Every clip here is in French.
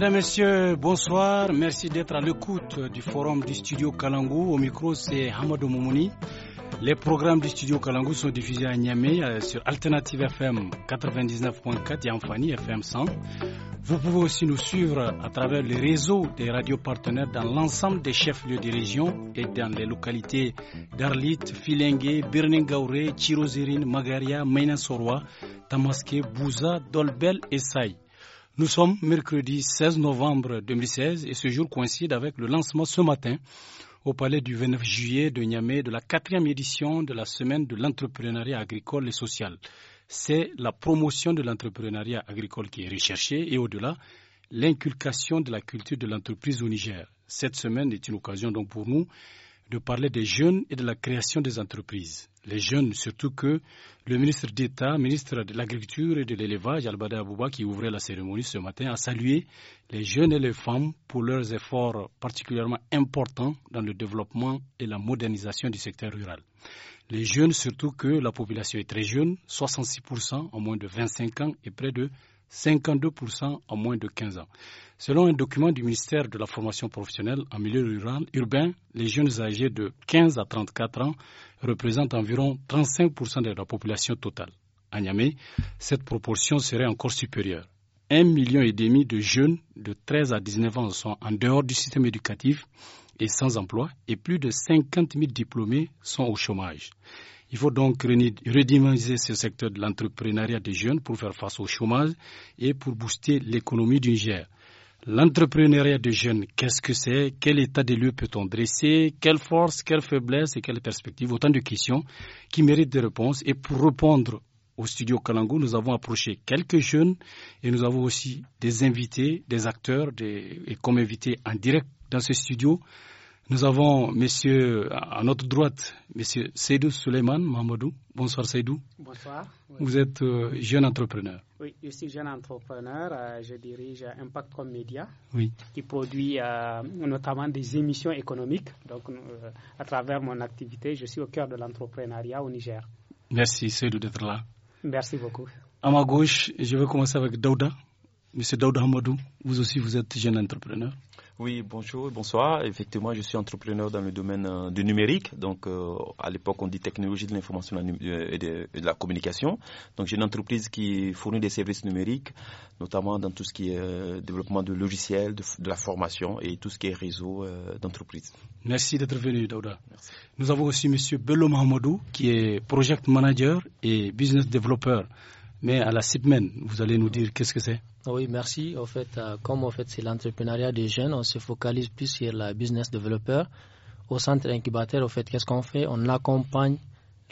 Mesdames, Messieurs, bonsoir. Merci d'être à l'écoute du forum du studio Kalangou. Au micro, c'est Hamadou Moumouni. Les programmes du studio Kalangou sont diffusés à Niamey euh, sur Alternative FM 99.4 et Amphani FM 100. Vous pouvez aussi nous suivre à travers le réseau des radios partenaires dans l'ensemble des chefs-lieux de région et dans les localités d'Arlit, Filengue, Birningaouré, Chirozirine, Magaria, Mainasoroa, Tamaske, Bouza, Dolbel et Saï. Nous sommes mercredi 16 novembre 2016 et ce jour coïncide avec le lancement ce matin au palais du 29 juillet de Niamey de la quatrième édition de la semaine de l'entrepreneuriat agricole et social. C'est la promotion de l'entrepreneuriat agricole qui est recherchée et au-delà, l'inculcation de la culture de l'entreprise au Niger. Cette semaine est une occasion donc pour nous de parler des jeunes et de la création des entreprises. Les jeunes, surtout que le ministre d'État, ministre de l'Agriculture et de l'Élevage, Albada Abouba, qui ouvrait la cérémonie ce matin, a salué les jeunes et les femmes pour leurs efforts particulièrement importants dans le développement et la modernisation du secteur rural. Les jeunes, surtout que la population est très jeune, 66% en moins de 25 ans et près de 52% en moins de 15 ans. Selon un document du ministère de la formation professionnelle en milieu rural, urbain, les jeunes âgés de 15 à 34 ans représentent environ 35% de la population totale. À Niamey, cette proportion serait encore supérieure. Un million et demi de jeunes de 13 à 19 ans sont en dehors du système éducatif et sans emploi, et plus de 50 000 diplômés sont au chômage. Il faut donc redynamiser ce secteur de l'entrepreneuriat des jeunes pour faire face au chômage et pour booster l'économie du Niger. L'entrepreneuriat des jeunes, qu'est-ce que c'est Quel état des lieux peut-on dresser Quelle force, quelle faiblesses et quelles perspectives Autant de questions qui méritent des réponses. Et pour répondre au studio Kalango, nous avons approché quelques jeunes et nous avons aussi des invités, des acteurs, et comme invités en direct dans ce studio, nous avons, monsieur, à notre droite, monsieur Seydou Suleiman Mamadou. Bonsoir Seydou. Bonsoir. Vous êtes euh, jeune entrepreneur. Oui, je suis jeune entrepreneur. Euh, je dirige Impact Media, oui. qui produit euh, notamment des émissions économiques. Donc, à travers mon activité, je suis au cœur de l'entrepreneuriat au Niger. Merci Seydou d'être là. Merci beaucoup. À ma gauche, je vais commencer avec Daouda. Monsieur Daouda Hamadou, vous aussi, vous êtes jeune entrepreneur. Oui, bonjour, bonsoir. Effectivement, je suis entrepreneur dans le domaine euh, du numérique. Donc, euh, à l'époque, on dit technologie de l'information euh, et, de la communication. Donc, j'ai une entreprise qui fournit des services numériques, notamment dans tout ce qui est développement de logiciels, de, la formation et tout ce qui est réseau d'entreprise. Merci d'être venu, Daouda. Nous avons aussi M. Bello Mahamadou, qui est project manager et business developer mais à la semaine, vous allez nous dire qu'est-ce que c'est Oui, merci. En fait, euh, comme en fait, c'est l'entrepreneuriat des jeunes, on se focalise plus sur la business developer. Au centre incubateur, en fait, qu'est-ce qu'on fait On accompagne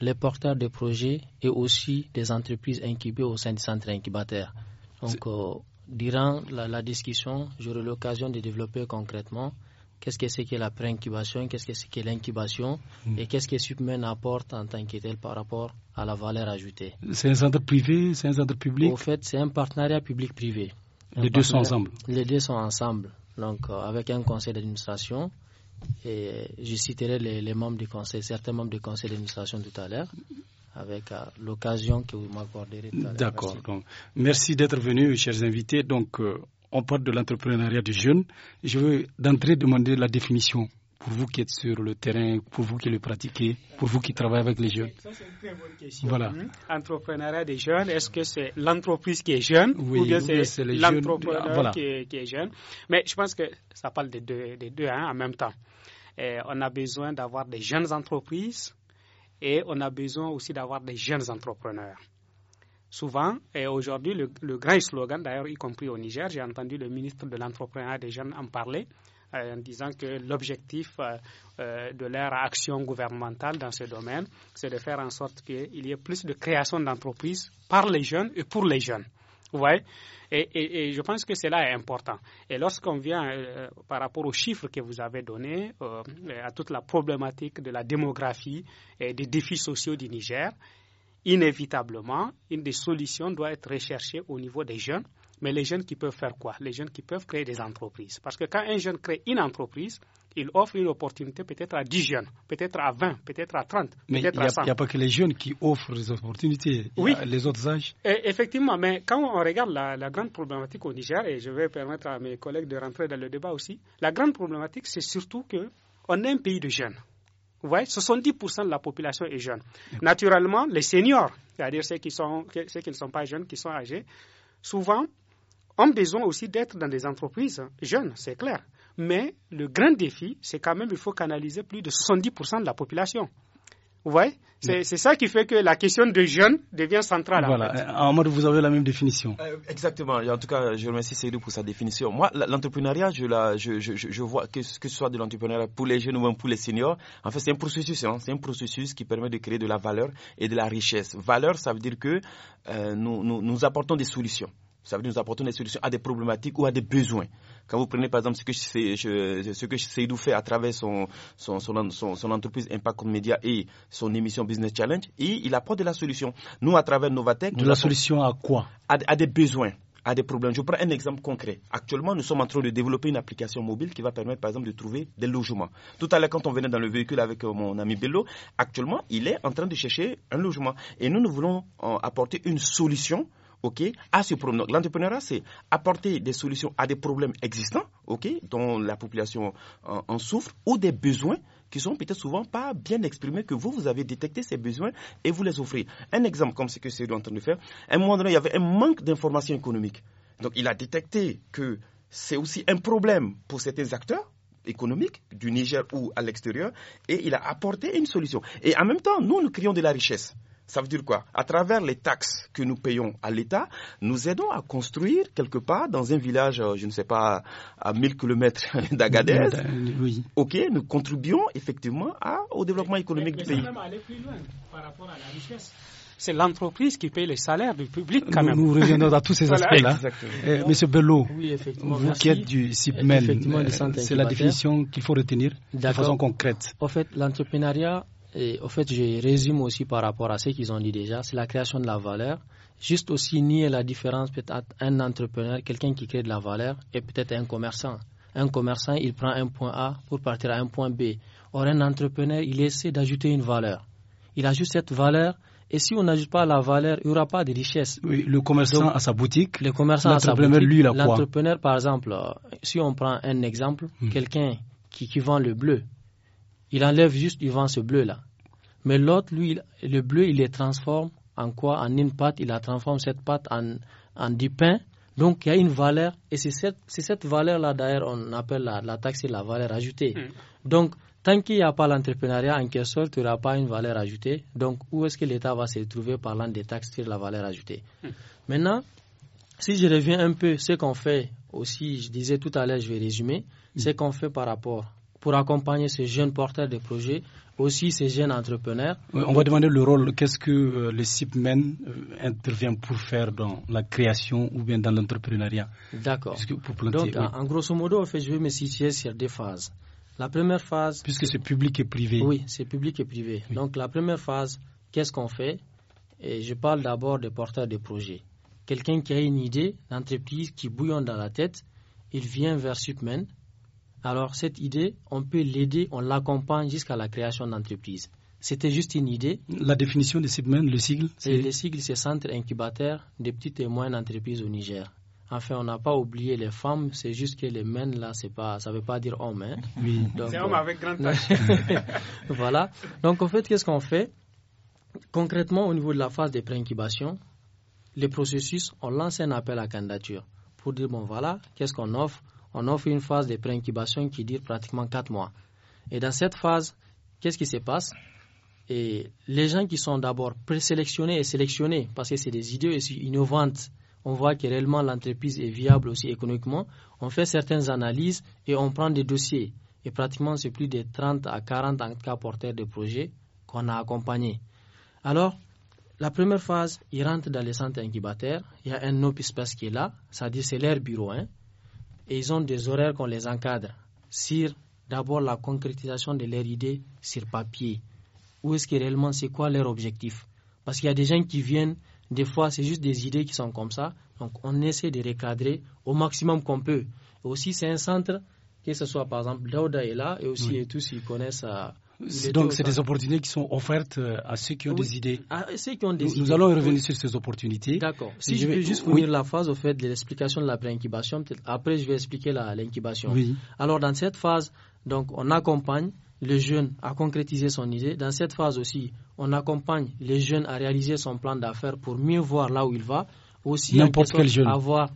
les porteurs de projets et aussi des entreprises incubées au sein du centre incubateur. Donc, euh, durant la, la, discussion, j'aurai l'occasion de développer concrètement qu'est-ce que c'est que la pré-incubation qu'est-ce que c'est que l'incubation hmm. et qu'est-ce que Submen apporte en tant que tel par rapport à la valeur ajoutée. C'est un centre privé, c'est un centre public Au fait, c'est un partenariat public-privé. Les deux sont ensemble Les deux sont ensemble, donc euh, avec un conseil d'administration. Et je citerai les, membres du conseil, certains membres du conseil d'administration tout à l'heure, avec euh, l'occasion que vous m'accorderez D'accord. Merci, merci d'être venu, chers invités. Donc, euh, on parle de l'entrepreneuriat des jeunes. Je veux d'entrée demander la définition pour vous qui êtes sur le terrain, pour vous qui le pratiquez, pour vous qui travaillez avec les jeunes Ça, c'est une très bonne question. Voilà. Hmm. Entrepreneuriat des jeunes, est-ce que c'est l'entreprise qui est jeune ou bien c'est l'entrepreneur ah, qui, est jeune Mais je pense que ça parle des deux, hein, en même temps. on a besoin d'avoir des jeunes entreprises et on a besoin aussi d'avoir des jeunes entrepreneurs souvent, et aujourd'hui, le, grand slogan, d'ailleurs, y compris au Niger, j'ai entendu le ministre de l'Entrepreneuriat des Jeunes en parler, euh, en disant que l'objectif euh, euh, de leur action gouvernementale dans ce domaine, c'est de faire en sorte qu'il y ait plus de création d'entreprises par les jeunes et pour les jeunes. Vous voyez et, et, je pense que cela est important. Et lorsqu'on vient par rapport aux chiffres que vous avez donnés, à toute la problématique de la démographie et des défis sociaux du Niger, inévitablement, une des solutions doit être recherchée au niveau des jeunes. Mais les jeunes qui peuvent faire quoi Les jeunes qui peuvent créer des entreprises. Parce que quand un jeune crée une entreprise, il offre une opportunité peut-être à 10 jeunes, peut-être à 20, peut-être à 30, peut-être à 100. Il n'y a pas que les jeunes qui offrent des opportunités, les autres âges. effectivement, mais quand on regarde la, la, grande problématique au Niger, et je vais permettre à mes collègues de rentrer dans le débat aussi, la grande problématique, c'est surtout qu'on est un pays de jeunes. Vous 70% de la population est jeune. Naturellement, les seniors, c'est-à-dire ceux qui, ceux qui ne sont pas jeunes, qui sont âgés, souvent ont besoin aussi d'être dans des entreprises jeunes, c'est clair. Mais le grand défi, c'est quand même qu'il faut canaliser plus de 70% de la population. Oui, c'est ça qui fait que la question des jeunes devient centrale. Voilà. Euh, en mode, vous avez la même définition. Euh, exactement. en tout cas, je remercie Seydou pour sa définition. Moi, l'entrepreneuriat, je, je, je, je, vois que, que ce soit de l'entrepreneuriat pour les jeunes ou même pour les seniors, en fait, c'est un processus. Hein. C'est un processus qui permet de créer de la valeur et de la richesse. Valeur, ça veut dire que euh, nous, nous apportons des solutions. Ça veut dire nous apportons des solutions à des problématiques ou à des besoins. Quand vous prenez par exemple ce que, ce que Seydou fait à travers son, son, son, entreprise Impact Media et son émission Business Challenge, et il apporte de la solution. Nous, à travers Novatech. De la solution à quoi à, à des besoins à des problèmes. Je prends un exemple concret. Actuellement, nous sommes en train de développer une application mobile qui va permettre, par exemple, de trouver des logements. Tout à l'heure, quand on venait dans le véhicule avec euh, mon ami Bello, actuellement, il est en train de chercher un logement. Et nous, nous voulons euh, apporter une solution ok, à ce L'entrepreneuriat, c'est apporter des solutions à des problèmes existants, ok, dont la population euh, en, souffre, ou des besoins qui sont peut-être souvent pas bien exprimés, que vous, vous avez détecté ces besoins et vous les offrez. Un exemple comme ce que c'est en train de faire, à un moment donné, il y avait un manque d'informations économiques. Donc, il a détecté que c'est aussi un problème pour certains acteurs, économiques du Niger ou à l'extérieur et il a apporté une solution. Et en même temps, nous, nous créons de la richesse. Ça veut dire quoi À travers les taxes que nous payons à l'État, nous aidons à construire quelque part dans un village, euh, je ne sais pas, à 1000 km d'Agadez. Ok, nous contribuons effectivement au développement économique du pays. Aller plus loin par rapport à la richesse c'est l'entreprise qui paye les salaires du public quand nous, même. Nous reviendrons à tous ces aspects-là. Eh, Monsieur Bello, vous qui êtes du CIPMEN, eh, c'est la définition qu'il faut retenir de façon concrète. En fait, l'entrepreneuriat et au fait, je résume aussi par rapport à ce qu'ils ont dit déjà, c'est la création de la valeur. Juste aussi nier la différence peut-être un entrepreneur, quelqu'un qui crée de la valeur, et peut-être un commerçant. Un commerçant, il prend un point A pour partir à un point B. Or, un entrepreneur, il essaie d'ajouter une valeur. Il ajoute cette valeur, et si on n'ajoute pas la valeur, il n'y aura pas de richesse. le commerçant à sa boutique. Le commerçant a sa boutique. L'entrepreneur, par exemple, euh, si on prend un exemple, hmm. quelqu'un qui, qui vend le bleu, il enlève juste du vent ce bleu-là. Mais l'autre, lui, le bleu, il le transforme en quoi En une pâte. Il la transforme cette pâte en, en du pain. Donc il y a une valeur, et c'est cette, valeur-là d'ailleurs on appelle la, taxe et la valeur ajoutée. Hmm. Donc tant qu'il n'y a pas l'entrepreneuriat en question sorte, il pas une valeur ajoutée. Donc où est-ce que l'État va se retrouver parlant des taxes sur la valeur ajoutée hmm. Maintenant, si je reviens un peu, ce qu'on fait aussi, je disais tout à l'heure, je vais résumer, hmm. ce qu'on fait par rapport pour accompagner ces jeunes porteurs de projets, aussi ces jeunes entrepreneurs. On va demander le rôle, qu'est-ce que les euh, le CIPMEN euh, intervient pour faire dans la création ou bien dans l'entrepreneuriat D'accord. Donc, en, grosso modo, en fait, je vais me situer sur deux phases. La première phase. Puisque c'est public et privé. Oui, c'est public et privé. Donc, la première phase, qu'est-ce qu'on fait et Je parle d'abord des porteurs de projets. Quelqu'un qui a une idée, l'entreprise qui bouillonne dans la tête, il vient vers SIPMEN alors cette idée, on peut l'aider, on l'accompagne jusqu'à la création d'entreprise. C'était juste une idée. La définition de CIPMEN, le sigle et Le sigle, c'est Centre Incubateur des petites et moyennes entreprises au Niger. Enfin, on n'a pas oublié les femmes, c'est juste que les mènes, là, pas, ça ne veut pas dire homme. Hein. Oui. C'est homme avec grande voilà. Donc, en fait, qu'est-ce qu'on fait Concrètement, au niveau de la phase de pré-incubation, le processus, on lance un appel à candidature pour dire, bon, voilà, qu'est-ce qu'on offre on offre une phase de pré-incubation qui dure pratiquement 4 mois. Et dans cette phase, qu'est-ce qui se passe et les gens qui sont d'abord présélectionnés et sélectionnés, parce que c'est des idées aussi innovantes, on voit que réellement l'entreprise est viable aussi économiquement, on fait certaines analyses et on prend des dossiers. Et pratiquement, c'est plus de 30 à 40 cas porteurs de projets qu'on a accompagnés. Alors, la première phase, ils rentrent dans les centres incubateurs. Il y a un open space qui est là, c'est-à-dire c'est leur bureau. Hein et ils ont des horaires qu'on les encadre sur d'abord la concrétisation de leurs idées sur papier. Où est-ce que réellement c'est quoi leur objectif Parce qu'il y a des gens qui viennent, des fois c'est juste des idées qui sont comme ça, donc on essaie de recadrer au maximum qu'on peut. aussi c'est un centre, que ce soit par exemple Daouda est là, et aussi et tous ils connaissent... Euh, donc, c'est des opportunités qui sont offertes euh, à ceux qui ont des idées. Ah, nous, allons revenir sur ces opportunités. D'accord. Si je, je, vais juste finir la phase, au fait, de l'explication de la pré peut-être après, je vais expliquer l'incubation. Alors, dans cette phase, donc, on accompagne le jeune à concrétiser son idée. Dans cette phase aussi, on accompagne les jeunes à réaliser son plan d'affaires pour mieux voir là où il va. Aussi, n'importe quel jeune. avoir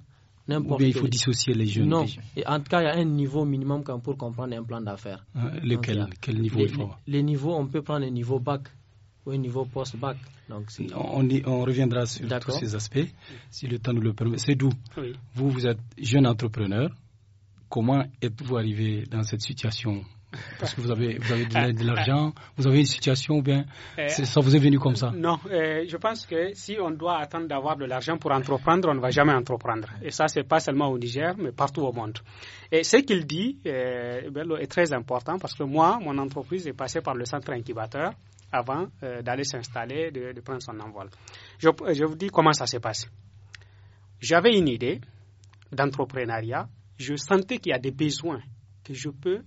il faut dissocier les jeunes. Non. en tout cas, il y a un niveau minimum pour comprendre un plan d'affaires. Ah, lequel Quel niveau il faut Les niveaux, on peut prendre un niveau bac ou un niveau post-bac. on, on, reviendra sur tous ces aspects, si le temps nous le permet. C'est d'où Vous, vous êtes jeune entrepreneur. Comment êtes-vous arrivé dans cette situation parce que vous avez, de l'argent, vous avez une situation, ou bien eh. ça vous est venu comme ça Non, eh, je pense que si on doit attendre d'avoir de l'argent pour entreprendre, on ne va jamais entreprendre. Et ça, c'est pas seulement au Niger, mais partout au monde. Et ce qu'il dit eh, est très important parce que moi, mon entreprise est passée par le centre incubateur avant d'aller s'installer, de, prendre son envol. Je, vous dis comment ça s'est passé J'avais une idée d'entrepreneuriat. Je sentais qu'il y a des besoins que je peux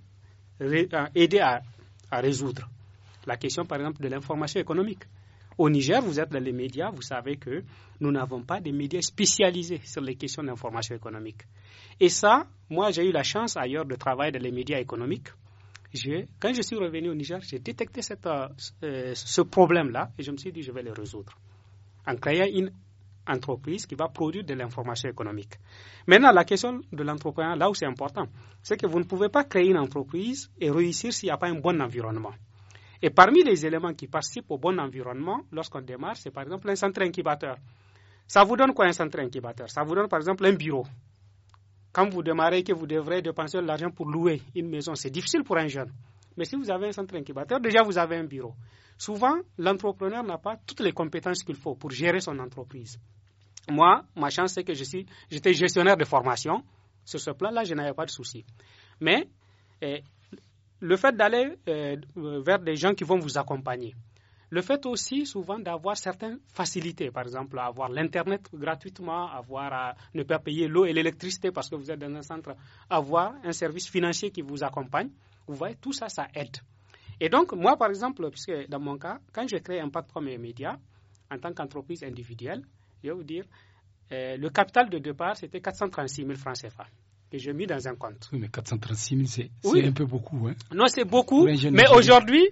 euh, aider à, résoudre la question, par exemple, de l'information économique. Au Niger, vous êtes dans les médias, vous savez que nous n'avons pas de médias spécialisés sur les questions d'information économique. Et ça, moi, j'ai eu la chance ailleurs de travailler dans les médias économiques. Je, quand je suis revenu au Niger, j'ai détecté cette, euh, euh, ce problème-là et je me suis dit, je vais le résoudre en créant une entreprise qui va produire de l'information économique. Maintenant, la question de l'entrepreneur, là où c'est important, c'est que vous ne pouvez pas créer une entreprise et réussir s'il n'y a pas un bon environnement. Et parmi les éléments qui participent au bon environnement, lorsqu'on démarre, c'est par exemple un centre incubateur. Ça vous donne quoi un centre incubateur Ça vous donne par exemple un bureau. Quand vous démarrez, que vous devrez dépenser de l'argent pour louer une maison, c'est difficile pour un jeune. Mais si vous avez un centre incubateur, déjà vous avez un bureau. Souvent, l'entrepreneur n'a pas toutes les compétences qu'il faut pour gérer son entreprise. Moi, ma chance, c'est que j'étais gestionnaire de formation. Sur ce plan-là, je n'avais pas de souci. Mais eh, le fait d'aller eh, vers des gens qui vont vous accompagner, le fait aussi souvent d'avoir certaines facilités, par exemple avoir l'Internet gratuitement, avoir ne pas payer l'eau et l'électricité parce que vous êtes dans un centre, avoir un service financier qui vous accompagne, vous voyez, tout ça, ça aide. Et donc, moi, par exemple, puisque dans mon cas, quand je crée un parc premier Média, en tant qu'entreprise individuelle, je vais vous dire, euh, le capital de départ, c'était 436 000 francs CFA que j'ai mis dans un compte. Oui, mais 436 000, c'est un peu beaucoup. Hein. Non, c'est beaucoup, mais aujourd'hui,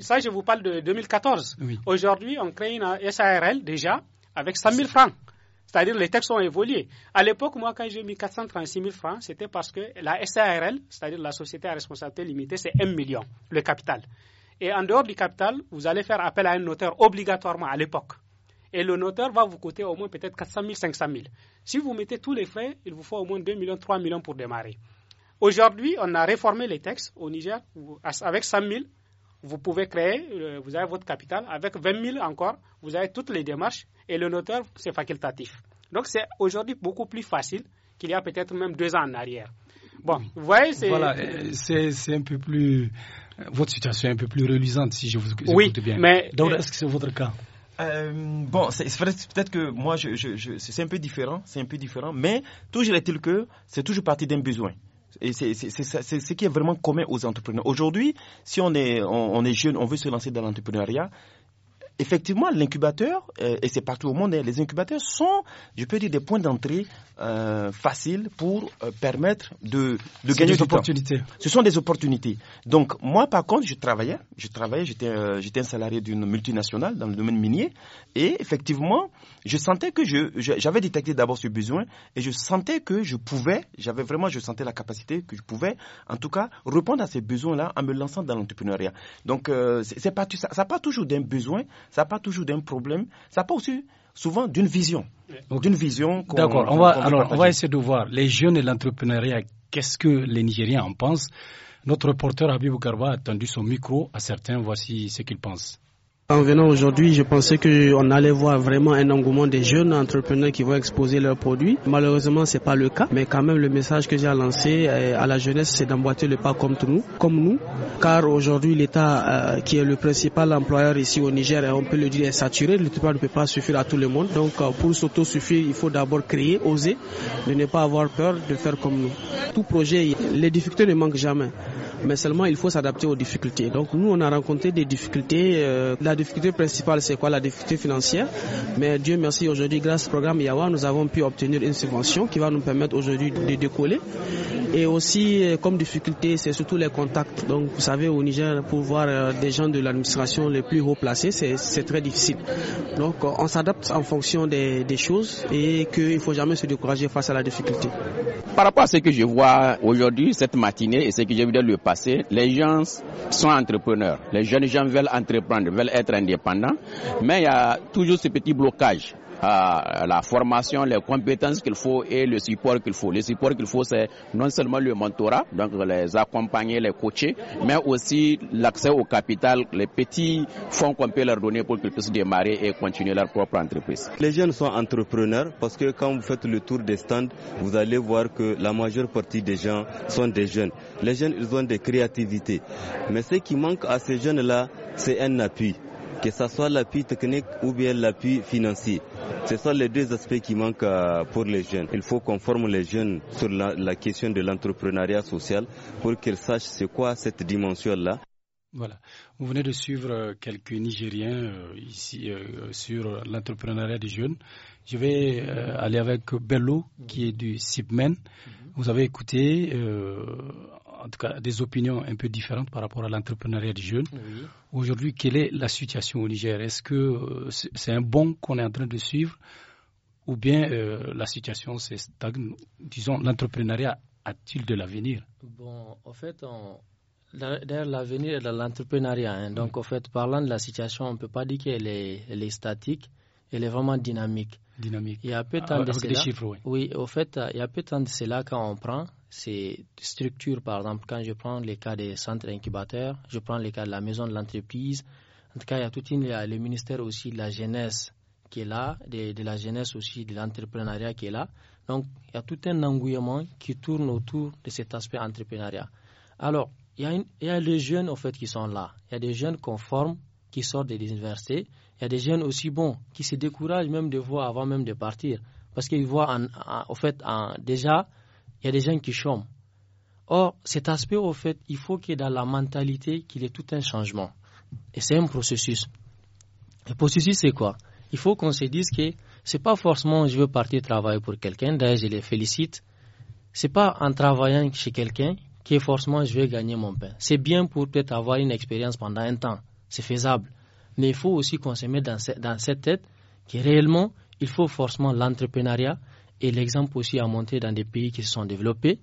ça, je vous parle de 2014. Aujourd'hui, on crée une SARL déjà avec 100 000 francs. C'est-à-dire les textes ont évolué. À l'époque, moi, quand j'ai mis 436 000 francs, c'était parce que la SARL, c'est-à-dire la société à responsabilité limitée, c'est 1 million, le capital. Et en dehors du capital, vous allez faire appel à un notaire obligatoirement à l'époque. Et le notaire va vous coûter au moins peut-être 400 000, 500 000. Si vous mettez tous les frais, il vous faut au moins 2 millions, 3 millions pour démarrer. Aujourd'hui, on a réformé les textes au Niger. Avec 100 000, vous pouvez créer, euh, vous avez votre capital. Avec 20 000 encore, vous avez toutes les démarches et le notaire, c'est facultatif. Donc c'est aujourd'hui beaucoup plus facile qu'il y a peut-être même deux ans en arrière. Bon, vous voyez, c'est. Voilà, euh, c'est un peu plus. Euh, votre situation est un peu plus reluisante, si je vous écoute oui, bien. Mais... Donc, euh, est-ce que c'est votre cas bon, c'est peut-être que moi, c'est un peu différent, c'est un peu différent, mais toujours est-il que c'est toujours parti d'un besoin. Et c'est ce qui est vraiment commun aux entrepreneurs. Aujourd'hui, si on est jeune, on veut se lancer dans l'entrepreneuriat, effectivement, l'incubateur, euh, et c'est partout au monde, hein, les incubateurs sont, je peux dire, des points d'entrée euh, faciles pour euh, permettre de, de gagner des du opportunités. Temps. Ce sont des opportunités. Donc, moi, par contre, je travaillais, je travaillais, j'étais, euh, j'étais un salarié d'une multinationale dans le domaine minier, et effectivement, je sentais que je, j'avais détecté d'abord ce besoin, et je sentais que je pouvais, j'avais vraiment, je sentais la capacité que je pouvais, en tout cas, répondre à ces besoins-là en me lançant dans l'entrepreneuriat. Donc, c'est, pas, ça, ça part toujours d'un besoin ça part toujours d'un problème, ça part aussi souvent d'une vision. D'une vision. D'accord. On, va, alors, on va essayer de voir les jeunes et l'entrepreneuriat, qu'est-ce que les Nigériens en pensent. Notre reporter Habib Garba a tendu son micro à certains, voici ce qu'ils pensent. En venant aujourd'hui, je pensais qu'on allait voir vraiment un engouement des jeunes entrepreneurs qui vont exposer leurs produits. Malheureusement, c'est pas le cas. Mais quand même, le message que j'ai lancé euh, à la jeunesse, c'est d'emboîter le pas comme nous, comme nous. Car aujourd'hui, l'État, euh, qui est le principal employeur ici au Niger, hein, on peut le dire, est saturé. Le travail ne peut pas suffire à tout le monde. Donc, euh, pour s'auto-suffire, il faut d'abord créer, oser, de ne pas avoir peur de faire comme nous. Tout projet, les difficultés ne manquent jamais mais seulement il faut s'adapter aux difficultés. Donc nous, on a rencontré des difficultés. Euh, la difficulté principale, c'est quoi La difficulté financière. Mais Dieu merci, aujourd'hui, grâce au programme Yawa, nous avons pu obtenir une subvention qui va nous permettre aujourd'hui de décoller. Et aussi, euh, comme difficulté, c'est surtout les contacts. Donc vous savez, au Niger, pour voir euh, des gens de l'administration les plus haut placés, c'est très difficile. Donc on s'adapte en fonction des, des choses et qu'il ne faut jamais se décourager face à la difficulté. Par rapport à ce que je vois aujourd'hui, cette matinée, et ce que j'ai vu dans le les gens sont entrepreneurs. Les jeunes gens veulent entreprendre, veulent être indépendants. Mais il y a toujours ce petit blocage euh, la formation, les compétences qu'il faut et le support qu'il faut. Le support qu'il faut, c'est non seulement le mentorat, donc les accompagner, les coacher, mais aussi l'accès au capital, les petits fonds qu'on peut leur donner pour qu'ils puissent démarrer et continuer leur propre entreprise. Les jeunes sont entrepreneurs parce que quand vous faites le tour des stands, vous allez voir que la majeure partie des gens sont des jeunes. Les jeunes, ils ont des créativités. Mais ce qui manque à ces jeunes-là, c'est un appui que ce soit l'appui technique ou bien l'appui financier. Ce sont les deux aspects qui manquent euh, pour les jeunes. Il faut qu'on forme les jeunes sur la, question de l'entrepreneuriat social pour qu'ils sachent c'est quoi cette dimension-là. Voilà. Vous venez de suivre euh, quelques Nigériens euh, ici sur l'entrepreneuriat des jeunes. Je vais aller avec Bello, qui est du SIPMEN. Mhm. Vous avez écouté en tout cas des opinions un peu différentes par rapport à l'entrepreneuriat du jeunes. Aujourd'hui, quelle est la situation au Niger Est-ce que euh, c'est un bon qu'on est en train de suivre ou bien euh, la situation c'est stagne Disons, l'entrepreneuriat a-t-il de l'avenir Bon, en fait, D'ailleurs, l'avenir est dans l'entrepreneuriat. Hein. Donc, au en fait, parlant de la situation, on ne peut pas dire qu'elle est, statique, elle est vraiment dynamique. Dynamique. Il y a peu de ah, temps Chiffres, oui. oui. au fait, il y a peu de temps de cela quand on prend ces structures, par exemple, quand je prends les cas des centres incubateurs, je prends les cas de la maison de l'entreprise, en tout cas, il y a tout le ministère aussi de la jeunesse qui est là, de, la jeunesse aussi, de l'entrepreneuriat qui est là. Donc, il y a tout un engouillement qui tourne autour de cet aspect entrepreneuriat. Alors, il y, a il y a les jeunes, en fait, qui sont là. Il y a des jeunes conformes qui sortent des universités. Il y a des jeunes aussi bons qui se découragent même de voir avant même de partir. Parce qu'ils voient, en, en, fait, déjà, il y a des gens qui chôment. Or, cet aspect, au fait, il faut ait dans la mentalité, qu'il y ait tout un changement. Et c'est un processus. Le processus, c'est quoi Il faut qu'on se dise que c'est pas forcément je veux partir travailler pour quelqu'un, d'ailleurs je les félicite. C'est pas en travaillant chez quelqu'un que forcément je vais gagner mon pain. C'est bien pour peut-être avoir une expérience pendant un temps, c'est faisable. Mais il faut aussi qu'on se mette dans, dans cette tête que réellement, il faut forcément l'entrepreneuriat, et l'exemple aussi à monter dans des pays qui se sont développés,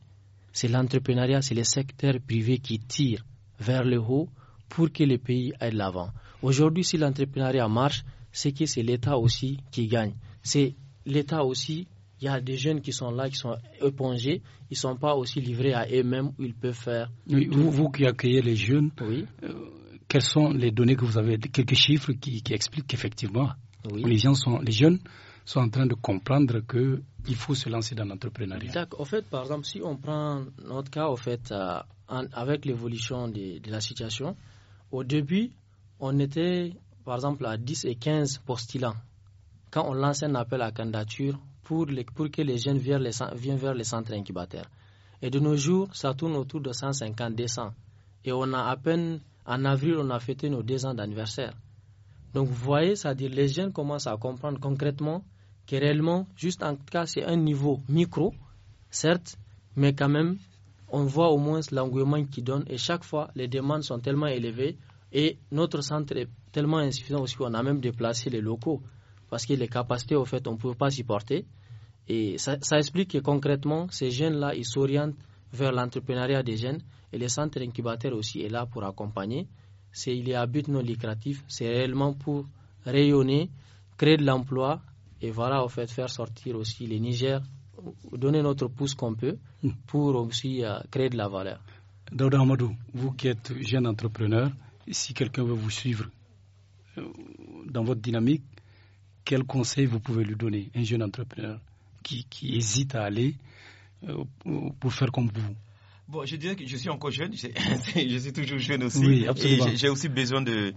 c'est l'entrepreneuriat, c'est le secteur privé qui tire vers le haut pour que les pays aillent l'avant. Aujourd'hui, si l'entrepreneuriat marche, c'est que c'est l'État aussi qui gagne. C'est l'État aussi, il y a des jeunes qui sont là, qui sont épongés, ils ne sont pas aussi livrés à eux-mêmes où ils peuvent faire. vous, qui accueillez les jeunes, oui. Euh, quelles sont les données que vous avez, quelques chiffres qui, expliquent qu'effectivement, les, jeunes sont, les jeunes sont en train de comprendre que il faut se lancer dans l'entrepreneuriat. au En fait, par exemple, si on prend notre cas, euh, en fait, avec l'évolution de, la situation, au début, on était, par exemple, à 10 et 15 postulants. Quand on lançait un appel à candidature pour, les, pour que les jeunes viennent, vers les centres incubateurs. Et de nos jours, ça tourne autour de 150, 200. Et on a à peine, en avril, on a fêté nos deux ans d'anniversaire. Donc, vous voyez, ça à dire les jeunes commencent à comprendre concrètement que réellement, juste en tout cas, c'est un niveau micro, certes, mais quand même, on voit au moins l'engouement qui donne et chaque fois, les demandes sont tellement élevées et notre centre est tellement insuffisant aussi qu'on a même déplacé les locaux parce que les capacités, au fait, on ne peut pas s'y porter. Et ça, explique que concrètement, ces jeunes-là, ils s'orientent vers l'entrepreneuriat des jeunes et le centre incubateur aussi est là pour accompagner. C'est, il est à but non lucratif, c'est réellement pour rayonner, créer de l'emploi, et voilà, en fait, faire sortir aussi les Niger, donner notre pouce qu'on peut hmm. pour aussi euh, créer de la valeur. Dauda vous qui êtes jeune entrepreneur, si quelqu'un veut vous suivre euh, dans votre dynamique, quel conseil vous pouvez lui donner, un jeune entrepreneur qui, hésite à aller euh, pour faire comme vous Bon, je dirais que je suis encore jeune, je suis toujours jeune aussi. et j'ai aussi besoin de,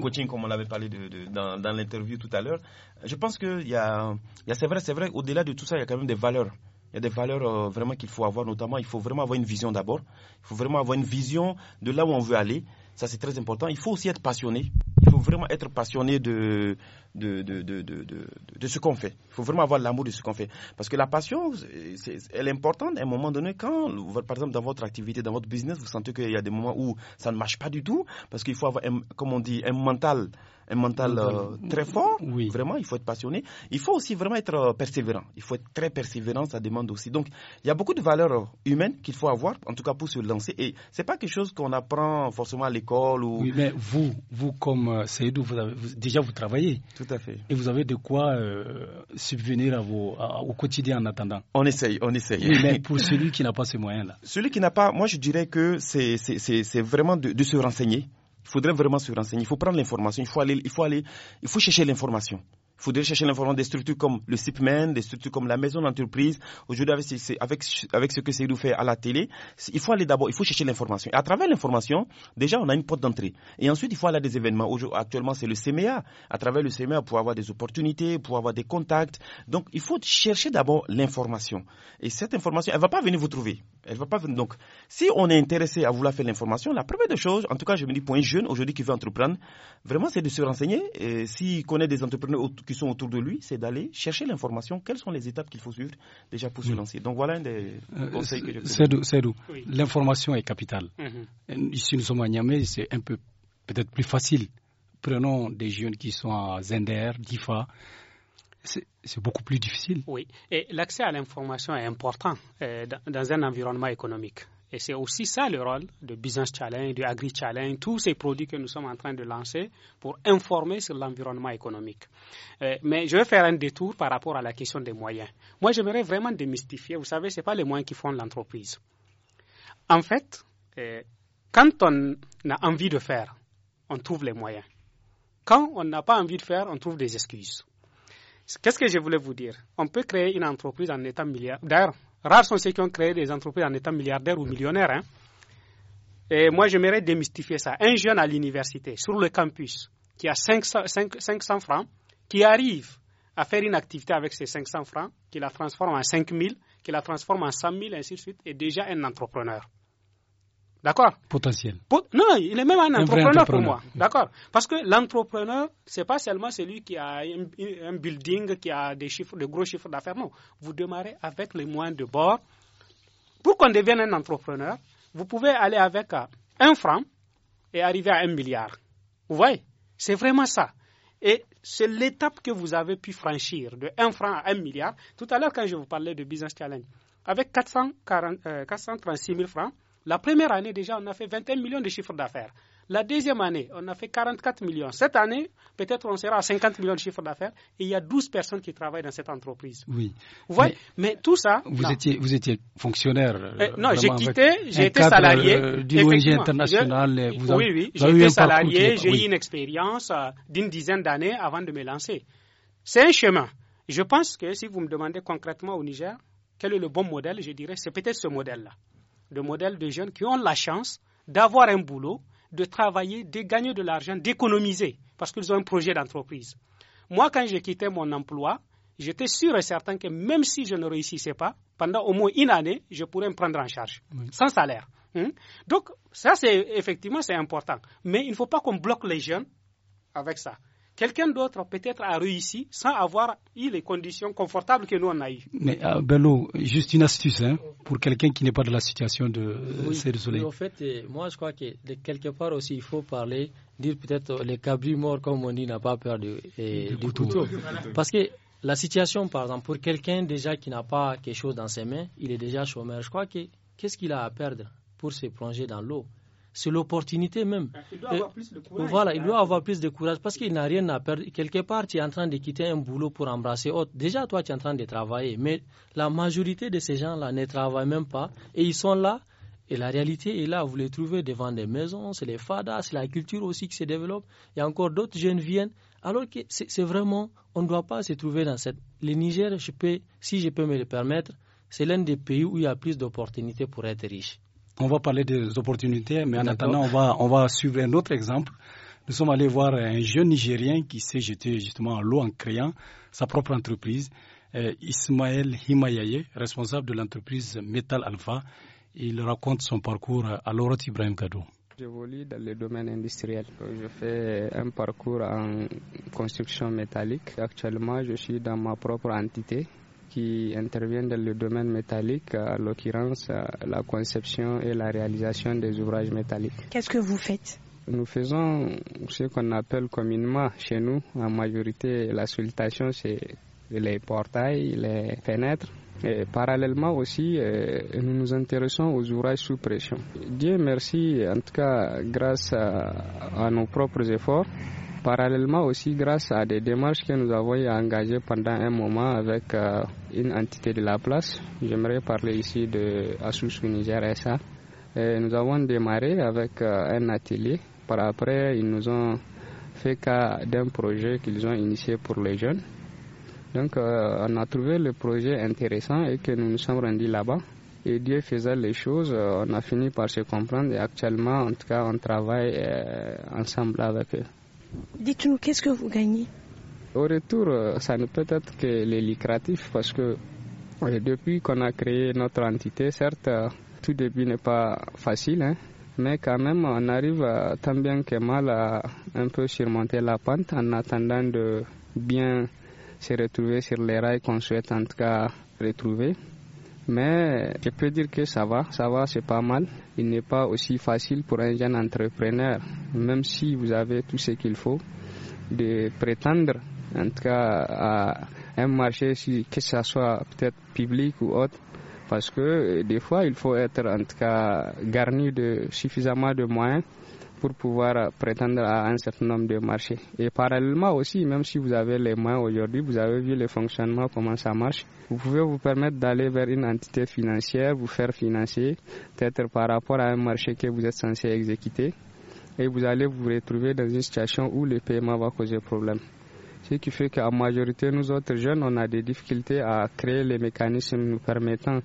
coaching, comme on l'avait parlé de, dans, l'interview tout à l'heure. Je pense que y a, y a, c'est vrai, c'est vrai, au-delà de tout ça, il y a quand même des valeurs. Il y a des valeurs euh, vraiment qu'il faut avoir, notamment, il faut vraiment avoir une vision d'abord. Il faut vraiment avoir une vision de là où on veut aller. Ça, c'est très important. Il faut aussi être passionné faut vraiment être passionné de, de, de, de, de ce qu'on fait. Il faut vraiment avoir l'amour de ce qu'on fait. Parce que la passion, elle est importante à un moment donné quand, par exemple, dans votre activité, dans votre business, vous sentez qu'il y a des moments où ça ne marche pas du tout, parce qu'il faut avoir, comme on dit, un mental un mental euh, très fort. Oui. Vraiment, il faut être passionné. Il faut aussi vraiment être euh, persévérant. Il faut être très persévérant, ça demande aussi. Donc, il y a beaucoup de valeurs humaines qu'il faut avoir, en tout cas pour se lancer. Et ce n'est pas quelque chose qu'on apprend forcément à l'école ou. Oui, mais vous, vous comme euh, Seydou, vous, déjà vous travaillez. Tout à fait. Et vous avez de quoi subvenir au quotidien en attendant. On essaye, on essaye. Oui, mais pour celui qui n'a pas ces moyens-là. Celui qui n'a pas, moi je dirais que c'est vraiment de se renseigner. Il faudrait vraiment se renseigner. Il faut prendre l'information. Il faut aller, il faut aller, il faut chercher l'information faudrait chercher l'information des structures comme le CIPMEN, des structures comme la maison d'entreprise. Aujourd'hui, avec, avec, ce que c'est nous fait à la télé, il faut aller d'abord, il faut chercher l'information. à travers l'information, déjà, on a une porte d'entrée. Et ensuite, il faut aller à des événements. Actuellement, c'est le CMEA. À travers le CMEA, pour avoir des opportunités, pour avoir des contacts. Donc, il faut chercher d'abord l'information. Et cette information, elle ne va pas venir vous trouver. Elle va pas venir. Donc, si on est intéressé à vouloir faire l'information, la première des choses, en tout cas, je me dis pour un jeune aujourd'hui qui veut entreprendre, vraiment, c'est de se renseigner. S'il connaît des entrepreneurs qui sont autour de lui, c'est d'aller chercher l'information. Quelles sont les étapes qu'il faut suivre déjà pour se lancer Donc voilà un des euh, conseils que je peux c'est l'information est capitale. Mhm. Ici, nous sommes à Niamey, c'est un peu peut-être plus facile. Prenons des jeunes qui sont à Zender, Difa. C'est beaucoup plus difficile. Oui, et l'accès à l'information est important euh, dans un environnement économique. Et c'est aussi ça le rôle de Business Challenge, de Agri Challenge, tous ces produits que nous sommes en train de lancer pour informer sur l'environnement économique. Euh, mais je vais faire un détour par rapport à la question des moyens. Moi, j'aimerais vraiment démystifier. Vous savez, ce n'est pas les moyens qui font l'entreprise. En fait, euh, quand on a envie de faire, on trouve les moyens. Quand on n'a pas envie de faire, on trouve des excuses. Qu'est-ce que je voulais vous dire On peut créer une entreprise en étant milliardaire. Rares sont ceux qui ont créé des entreprises en étant milliardaires ou mm. millionnaires. Hein. Et moi, j'aimerais démystifier ça. Un jeune à l'université, sur le campus, qui a 500, 500 francs, qui arrive à faire une activité avec ses 500 francs, qui la transforme en 5 000, qui la transforme en 100 000, ainsi de suite, est déjà un entrepreneur. D'accord Potentiel. non, il est même un, entrepreneur, pour moi. D'accord Parce que l'entrepreneur, c'est pas seulement celui qui a un, building, qui a des chiffres, de gros chiffres d'affaires. Non. Vous démarrez avec les moyens de bord. Pour qu'on devienne un entrepreneur, vous pouvez aller avec euh, un franc et arriver à un milliard. Vous voyez C'est vraiment ça. Et c'est l'étape que vous avez pu franchir de 1 franc à un milliard. Tout à l'heure, quand je vous parlais de Business Challenge, avec 436 000 euh, francs, la première année, déjà, on a fait 21 millions de chiffres d'affaires. La deuxième année, on a fait 44 millions. Cette année, peut-être on sera à 50 millions de chiffres d'affaires et il y a 12 personnes qui travaillent dans cette entreprise. Oui. Vous voyez, mais, tout ça. Vous, étiez, vous étiez fonctionnaire. Euh, euh, non, j'ai quitté, j'ai été salarié. Euh, du international. Vous oui, oui, j'ai été salarié, j'ai eu une expérience d'une dizaine d'années avant de me lancer. C'est un chemin. Je pense que si vous me demandez concrètement au Niger, quel est le bon modèle, je dirais c'est peut-être ce modèle-là de modèles de jeunes qui ont la chance d'avoir un boulot, de travailler, de gagner de l'argent, d'économiser, parce qu'ils ont un projet d'entreprise. Moi, quand j'ai quitté mon emploi, j'étais sûr et certain que même si je ne réussissais pas, pendant au moins une année, je pourrais me prendre en charge, sans salaire. Hein. Donc, ça, c'est effectivement, c'est important. Mais il ne faut pas qu'on bloque les jeunes avec ça. Quelqu'un d'autre peut-être a réussi sans avoir eu les conditions confortables que nous on a eues. Mais euh, Bello, juste une astuce hein, pour quelqu'un qui n'est pas de la situation de euh, oui, en fait, euh, moi je crois que quelque part aussi il faut parler, dire peut-être euh, les cabri morts comme on dit n'a pas peur euh, du, Parce que la situation, par exemple, pour quelqu'un déjà qui n'a pas quelque chose dans ses mains, il est déjà chômeur. Je crois que qu'est-ce qu'il a à perdre pour se plonger dans l'eau c'est l'opportunité même. Il doit avoir euh, plus de courage. Voilà, il doit avoir plus de courage parce qu'il n'a rien à perdre. Quelque part, tu es en train de quitter un boulot pour embrasser autre. Déjà, toi, tu es en train de travailler, mais la majorité de ces gens-là ne travaillent même pas et ils sont là. Et la réalité est là, vous les trouvez devant des maisons, c'est les fadas, c'est la culture aussi qui se développe. Il y a encore d'autres jeunes viennent. Alors que c'est vraiment, on ne doit pas se trouver dans cette. Le Niger, je si je peux me le permettre, c'est l'un des pays où il y a plus d'opportunités pour être riche. On va parler des opportunités, mais en attendant, on va, suivre un autre exemple. Nous sommes allés voir un jeune Nigérien qui s'est jeté justement à l'eau en créant sa propre entreprise. Euh, Ismaël Himayaye, responsable de l'entreprise Metal Alpha. Il raconte son parcours à Laurent Ibrahim Kadou. J'évolue dans le domaine industriel. Je fais un parcours en construction métallique. Actuellement, je suis dans ma propre entité qui interviennent dans le domaine métallique, à l'occurrence la conception et la réalisation des ouvrages métalliques. Qu'est-ce que vous faites nous faisons ce qu'on appelle communément chez nous, en majorité, la sollicitation, c'est les portails, les fenêtres. Et parallèlement aussi, euh, nous nous intéressons aux ouvrages sous pression. Dieu merci, en tout cas, grâce à nos propres efforts, Parallèlement aussi, grâce à des démarches que nous avons engagées pendant un moment avec euh, une entité de la place, j'aimerais parler ici de Asus Niger SA. nous avons démarré avec euh, un atelier. Par après, ils nous ont fait cas d'un projet qu'ils ont initié pour les jeunes. Donc, euh, on a trouvé le projet intéressant et que nous nous sommes rendus là-bas. Et Dieu faisait les choses, on a fini par se comprendre et actuellement, en tout cas, on travaille ensemble avec eux. Dites-nous, qu'est-ce que vous gagnez Au retour, euh, ça ne peut être que les lucratifs parce que euh, depuis qu'on a créé notre entité, certes, euh, tout début n'est pas facile, hein, mais quand même, on arrive tant bien que mal à un peu surmonter la pente en attendant de bien se retrouver sur les rails qu'on souhaite en tout cas retrouver. Mais je peux dire que ça va, ça va, c'est pas mal. Il n'est pas aussi facile pour un jeune entrepreneur, même si vous avez tout ce qu'il faut, de prétendre, en tout cas, à un marché, que ce soit peut-être public ou autre, parce que des fois, il faut être, en tout cas, garni de suffisamment de moyens pour pouvoir euh, prétendre à un certain nombre de marchés. Et parallèlement aussi, même si vous avez les moyens aujourd'hui, vous avez vu le fonctionnement, comment ça marche, vous pouvez vous permettre d'aller vers une entité financière, vous faire financer, peut-être par rapport à un marché que vous êtes censé exécuter, et vous allez vous retrouver dans une situation où le paiement va causer problème. Ce qui fait qu'en majorité, nous autres jeunes, on a des difficultés à créer les mécanismes nous permettant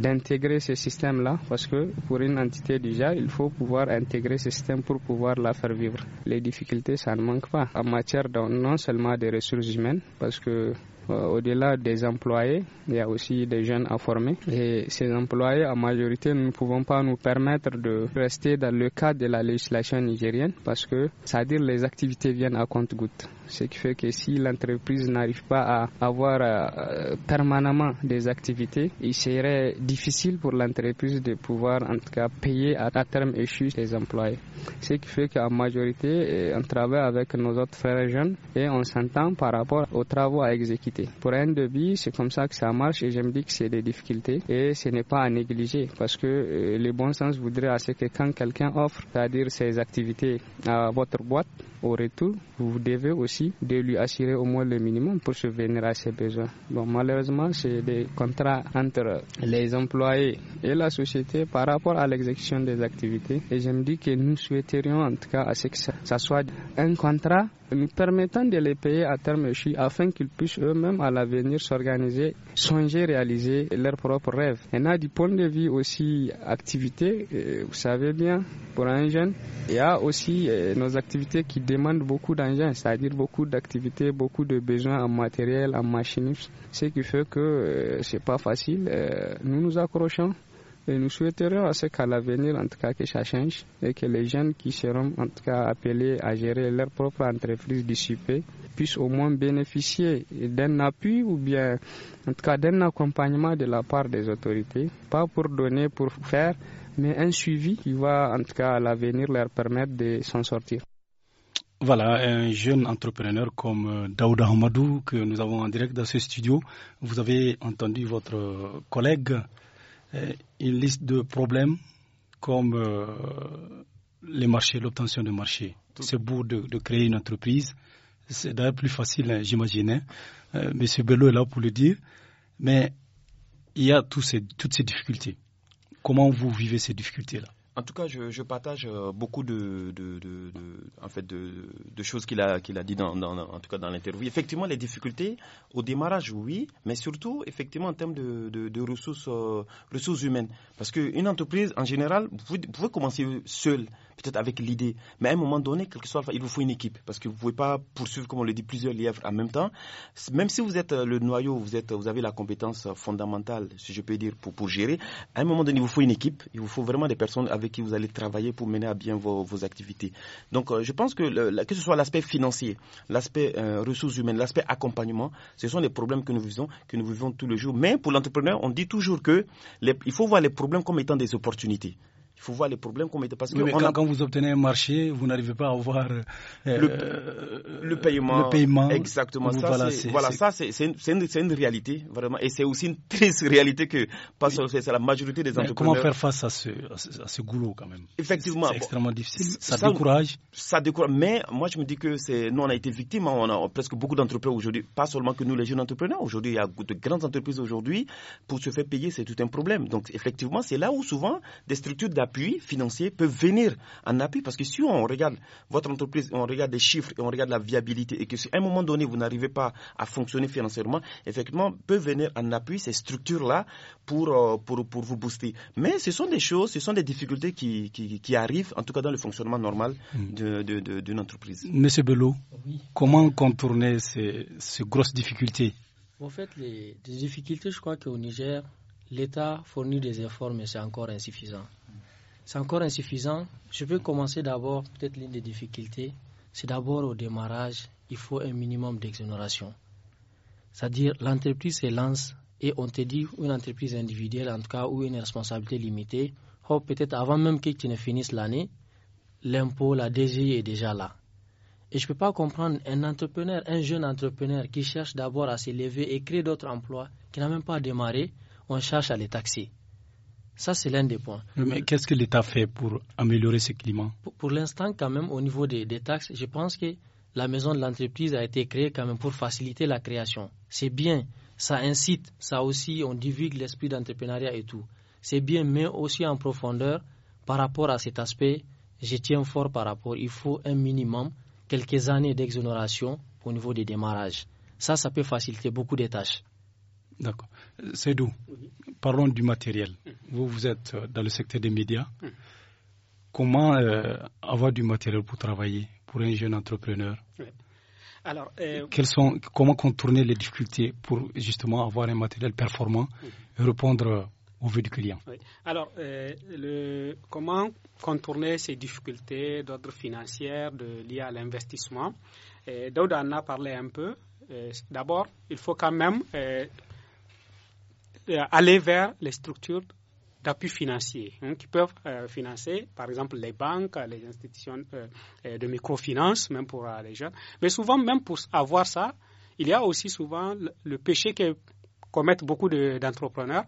d'intégrer ce système-là parce que pour une entité déjà, il faut pouvoir intégrer ce système pour pouvoir la faire vivre. Les difficultés, ça ne manque pas en matière non seulement des ressources humaines parce que euh, au-delà des employés, il y a aussi des jeunes à former. Et ces employés, en majorité, nous ne pouvons pas nous permettre de rester dans le cadre de la législation nigérienne parce que, c'est-à-dire, les activités viennent à compte goutte Ce qui fait que si l'entreprise n'arrive pas à avoir permanentement euh, permanemment des activités, il serait difficile pour l'entreprise de pouvoir en tout cas payer à, terme échu les employés. Ce qui fait qu'en majorité, on travaille avec nos autres frères jeunes et on s'entend par rapport aux travaux à exécuter pour un débit, c'est comme ça que ça marche et j'aime me dis que c'est des difficultés et ce n'est pas à négliger parce que euh, le bon sens voudrait à que quand quelqu'un offre, c'est-à-dire ses activités à votre boîte, au retour, vous devez aussi de lui assurer au moins le minimum pour se venir à ses besoins. Bon, malheureusement, c'est des contrats entre les employés et la société par rapport à l'exécution des activités. Et je me dis que nous souhaiterions en tout cas à ce que ça, soit un contrat nous permettant de les payer à terme échu afin qu'ils puissent eux-mêmes à l'avenir s'organiser, songer, réaliser leurs propres rêves. Et là, du point de vue aussi activité, euh, vous savez bien, pour un jeune, il y a aussi euh, nos activités qui demande beaucoup d'engins, c'est-à-dire beaucoup d'activités, beaucoup de besoins en matériel, en machinisme, ce qui fait que ce euh, c'est pas facile. Euh, nous nous accrochons et nous souhaiterions à ce qu'à l'avenir, en tout cas, que ça change et que les jeunes qui seront, en tout cas, appelés à gérer leur propre entreprise dissipée puissent au moins bénéficier d'un appui ou bien, en tout cas, d'un accompagnement de la part des autorités, pas pour donner, pour faire, mais un suivi qui va, en tout cas, à l'avenir, leur permettre de s'en sortir. Voilà, un jeune entrepreneur comme euh, Daouda Hamadou, que nous avons en direct dans ce studio. Vous avez entendu votre collègue, euh, une liste de problèmes comme euh, les marchés, l'obtention de marchés. C'est beau de, créer une entreprise. C'est d'ailleurs plus facile, hein, j'imaginais. Monsieur Bello est là pour le dire. Mais il y a toutes ces difficultés. Comment vous vivez ces difficultés-là en tout cas, je, partage euh, beaucoup de, en fait de, choses qu'il a, qu'il a dit dans, en tout cas dans l'interview. Effectivement, les difficultés au démarrage, oui, mais surtout effectivement en termes de, ressources, euh, ressources humaines. Parce qu'une entreprise, en général, vous, pouvez commencer seul, peut-être avec l'idée, mais à un moment donné, quelque soit, il vous faut une équipe, parce que vous ne pouvez pas poursuivre, comme on le dit, plusieurs lièvres en même temps. Même si vous êtes euh, le noyau, vous, êtes, vous avez la compétence fondamentale, si je peux dire, pour, pour gérer, à un moment donné, il vous faut une équipe, il vous faut vraiment des personnes avec qui vous allez travailler pour mener à bien vos, activités. Donc, euh, je pense que que ce soit l'aspect financier, l'aspect euh, ressources humaines, l'aspect accompagnement, ce sont les problèmes que nous vivons, que nous vivons tous les jours. Mais pour l'entrepreneur, on dit toujours qu'il faut voir les problèmes comme étant des opportunités. Il faut voir les problèmes qu'on mettait. Parce que mais quand, vous obtenez un marché, vous n'arrivez pas à avoir euh, euh, le, paiement. Le paiement. Exactement. Ça, c'est une, réalité, vraiment. Et c'est aussi une triste réalité que, parce que c'est la majorité des mais entrepreneurs. Comment faire face à ce, à goulot, quand même Effectivement. C'est extrêmement difficile. Ça, décourage. Ça décourage. Mais moi, je me dis que nous, on a été victimes. On a presque beaucoup d'entrepreneurs aujourd'hui. Pas seulement que nous, les jeunes entrepreneurs. Aujourd'hui, il y a de grandes entreprises aujourd'hui. Pour se faire payer, c'est tout un problème. Donc, effectivement, c'est là où souvent des structures Appui financier peut venir en appui parce que si on regarde votre entreprise, on regarde les chiffres et on regarde la viabilité et que si à un moment donné vous n'arrivez pas à fonctionner financièrement, effectivement peut venir en appui ces structures-là pour, euh, vous booster. Mais ce sont des choses, ce sont des difficultés qui, arrivent, en tout cas dans le fonctionnement normal hmm. d'une entreprise. Monsieur Belot, comment contourner ces, grosses difficultés En fait, les difficultés, je crois qu'au Niger, l'État fournit des efforts, mais c'est encore insuffisant c'est encore insuffisant. Je peux commencer d'abord, peut-être l'une des difficultés, c'est d'abord au démarrage, il faut un minimum d'exonération. C'est-à-dire, l'entreprise se lance et on te dit, une entreprise individuelle en tout cas, ou une responsabilité limitée, oh, peut-être avant même que tu ne finisses l'année, l'impôt, la DGI est déjà là. Et je ne peux pas comprendre un entrepreneur, un jeune entrepreneur qui cherche d'abord à s'élever et créer d'autres emplois, qui n'a même pas démarré, on cherche à les taxer. Ça, c'est l'un des points. Mais qu'est-ce que l'État fait pour améliorer ce climat Pour, l'instant, quand même, au niveau des, taxes, je pense que la maison de l'entreprise a été créée quand même pour faciliter la création. C'est bien, ça incite, ça aussi, on divulgue l'esprit d'entrepreneuriat et tout. C'est bien, mais aussi en profondeur, par rapport à cet aspect, je tiens fort par rapport, il faut un minimum, quelques années d'exonération au niveau des démarrages. Ça, ça peut faciliter beaucoup des tâches. D'accord. C'est d'où Parlons du matériel. Vous, vous êtes euh, dans le secteur des médias. Mm. Comment euh, avoir du matériel pour travailler pour un jeune entrepreneur Alors, euh, comment contourner les difficultés pour justement avoir un matériel performant mm. et répondre aux vœu du client Alors, comment contourner ces difficultés d'ordre financier de... liées à l'investissement d'où en a parlé un peu. D'abord, il faut quand même euh, aller vers les structures d'appui financier hein, qui peuvent euh, financer, par exemple, les banques, les institutions euh, de microfinance, même pour les jeunes. Mais souvent, même pour avoir ça, il y a aussi souvent le, péché que commettent beaucoup d'entrepreneurs.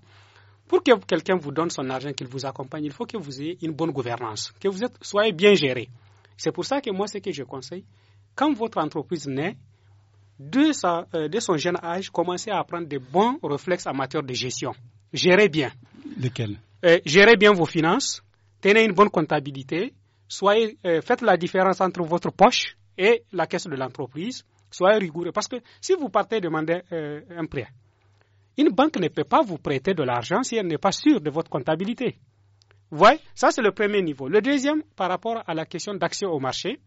pour que quelqu'un vous donne son argent, qu'il vous accompagne, il faut que vous ayez une bonne gouvernance, que vous soyez bien géré. C'est pour ça que moi, ce que je conseille, quand votre entreprise naît, dès, euh, son jeune âge, commencer à prendre des bons réflexes en matière de gestion. Gérez bien. Lesquels euh, Gérez bien vos finances, tenez une bonne comptabilité, euh, faites la différence entre votre poche et la caisse de l'entreprise, soyez rigoureux. Parce que si vous partez demander un prêt, une banque ne peut pas vous prêter de l'argent si elle n'est pas sûre de votre comptabilité. Vous voyez, ça c'est le premier niveau. Le deuxième, par rapport à la question d'accès au marché,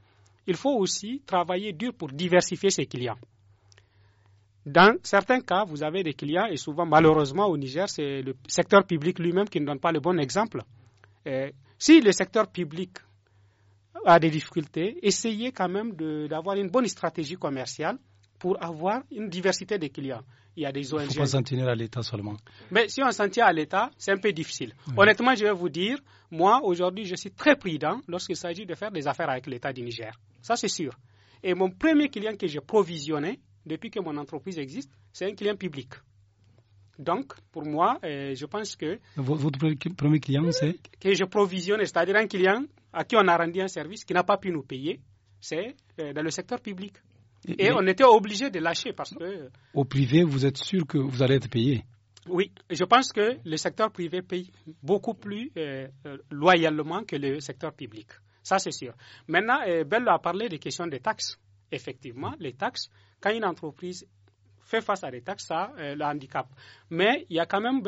il faut aussi travailler dur pour diversifier ses clients. Dans certains cas, vous avez des clients, et souvent, malheureusement, au Niger, c'est le secteur public lui-même qui ne donne pas le bon exemple. si le secteur public a des difficultés, essayez quand même d'avoir une bonne stratégie commerciale pour avoir une diversité de clients. Il y a des ONG. Il ne faut pas s'en tenir à l'État seulement. Mais si on s'en tient à l'État, c'est un peu difficile. Honnêtement, je vais vous dire, moi, aujourd'hui, je suis très prudent lorsqu'il s'agit de faire des affaires avec l'État du Niger. Ça, c'est sûr. Et mon premier client que j'ai provisionné, depuis que mon entreprise existe, c'est un client public. Donc, pour moi, euh, je pense que. Votre premier client, c'est Que je provisionne, c'est-à-dire un client à qui on a rendu un service qui n'a pas pu nous payer, c'est euh, dans le secteur public. Et, on était obligé de lâcher parce que. Au privé, vous êtes sûr que vous allez être payé Oui, je pense que le secteur privé paye beaucoup plus euh, loyalement que le secteur public. Ça, c'est sûr. Maintenant, Belle a parlé des questions des taxes. Effectivement, les taxes, quand une entreprise fait face à des taxes, ça euh, le handicap. Mais il y a quand même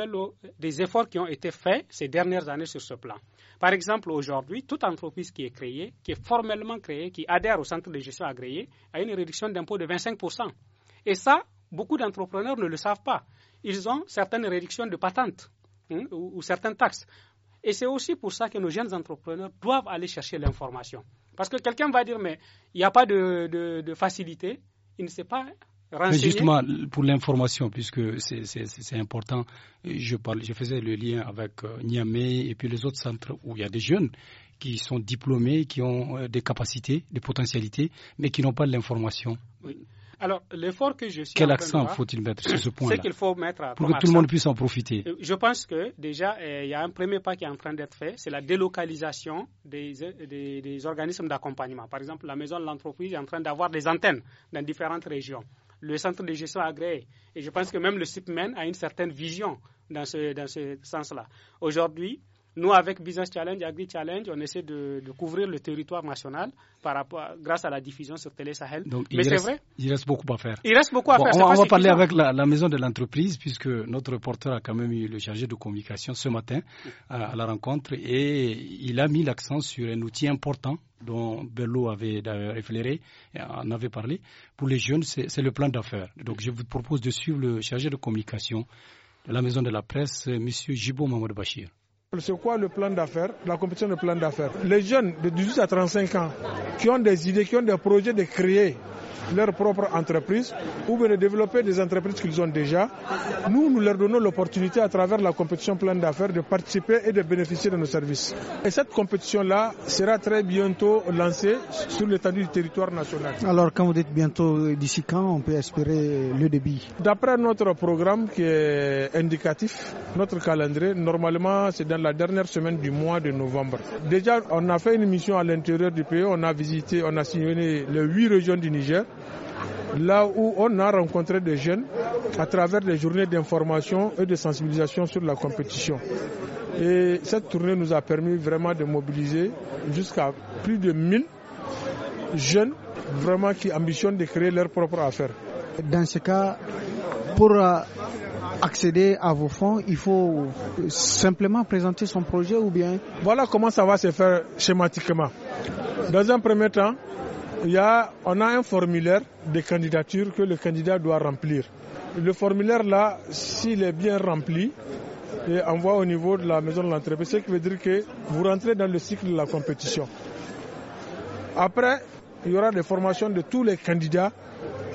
des efforts qui ont été faits ces dernières années sur ce plan. Par exemple, aujourd'hui, toute entreprise qui est créée, qui est formellement créée, qui adhère au centre de gestion agréé, a une réduction d'impôt de 25%. Et ça, beaucoup d'entrepreneurs ne le savent pas. Ils ont certaines réductions de patentes hein, ou, certaines taxes. Et c'est aussi pour ça que nos jeunes entrepreneurs doivent aller chercher l'information. Parce que quelqu'un va dire, mais il n'y a pas de, de facilité, ne pas renseigné. Mais justement, pour l'information, puisque c'est important, je, faisais le lien avec euh, Niamey et puis les autres centres où il y a des jeunes qui sont diplômés, qui ont euh, des capacités, des potentialités, mais qui n'ont pas l'information. Alors, l'effort que je suis. en train accent faut-il mettre sur ce point pour que tout le monde puisse en profiter. Euh, je pense que déjà, euh, il y a un premier pas qui est en train d'être fait c'est la délocalisation euh, des, organismes d'accompagnement. Par exemple, la maison de l'entreprise est en train d'avoir des antennes dans différentes régions. Le centre de gestion agréé. Et je pense que même le CIPMEN a une certaine vision dans ce, dans ce sens-là. Aujourd'hui, nous, avec Business Challenge, Agri Challenge, on essaie de, couvrir le territoire national par rapport, grâce à la diffusion sur Télé Sahel. Donc, Mais c'est vrai. Il reste beaucoup à faire. Il reste beaucoup à faire. On, va parler avec la, maison de l'entreprise, puisque notre reporter a quand même eu le chargé de communication ce matin mm. euh, à, la rencontre et il a mis l'accent sur un outil important dont Berlo avait et en avait parlé. Pour les jeunes, c'est le plan d'affaires. Donc, je vous propose de suivre le chargé de communication de la maison de la presse, M. Jibo Mamadou Bachir. C'est quoi le plan d'affaires La compétition de plan d'affaires. Les jeunes de 18 à 35 ans qui ont des idées, qui ont des projets de créer leur propre entreprise ou de développer des entreprises qu'ils ont déjà. Nous, nous leur donnons l'opportunité à travers la compétition pleine d'affaires de participer et de bénéficier de nos services. Et cette compétition-là sera très bientôt lancée sur l'étendue du territoire national. Alors quand vous dites bientôt, d'ici quand on peut espérer le débit D'après notre programme qui est indicatif, notre calendrier, normalement c'est dans la dernière semaine du mois de novembre. Déjà, on a fait une mission à l'intérieur du pays, on a visité, on a signé les huit régions du Niger là où on a rencontré des jeunes à travers des journées d'information et de sensibilisation sur la compétition. Et cette tournée nous a permis vraiment de mobiliser jusqu'à plus de 1000 jeunes vraiment qui ambitionnent de créer leur propre affaire. Dans ce cas, pour euh, accéder à vos fonds, il faut euh, simplement présenter son projet ou bien Voilà comment ça va se faire schématiquement. Dans un premier temps, on a un formulaire de candidature que le candidat doit remplir. Le formulaire là, s'il est bien rempli, et envoie au niveau de la maison de l'entreprise, ce qui veut dire que vous rentrez dans le cycle de la compétition. Après, il y aura des formations de tous les candidats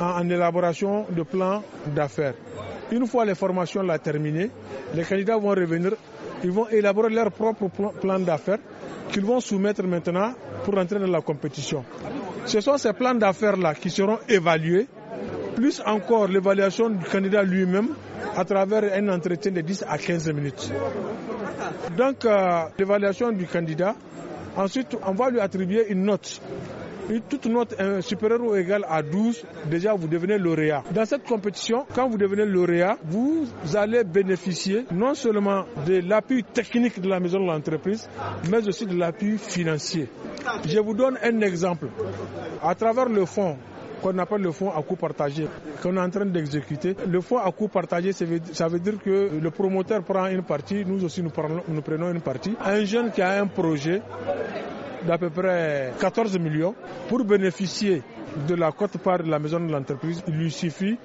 en, élaboration de plans d'affaires. Une fois les formations là terminées, les candidats vont revenir, ils vont élaborer leur propre plan, plan d'affaires qu'ils vont soumettre maintenant pour entrer dans la compétition. Ce sont ces plans d'affaires-là qui seront évalués, plus encore l'évaluation du candidat lui-même à travers un entretien de 10 à 15 minutes. Donc euh, l'évaluation du candidat, ensuite on va lui attribuer une note toute note supérieure ou égal à 12, déjà vous devenez lauréat. Dans cette compétition, quand vous devenez lauréat, vous allez bénéficier non seulement de l'appui technique de la maison de l'entreprise, mais aussi de l'appui financier. Je vous donne un exemple. À travers le fonds qu'on appelle le fonds à coût partagé, qu'on est en train d'exécuter. Le fonds à coût partagé, ça veut, dire que le promoteur prend une partie, nous aussi nous prenons une partie. Un jeune qui a un projet, d'à peu près 14 millions. Pour bénéficier de la cote-part de la maison de l'entreprise, il lui suffit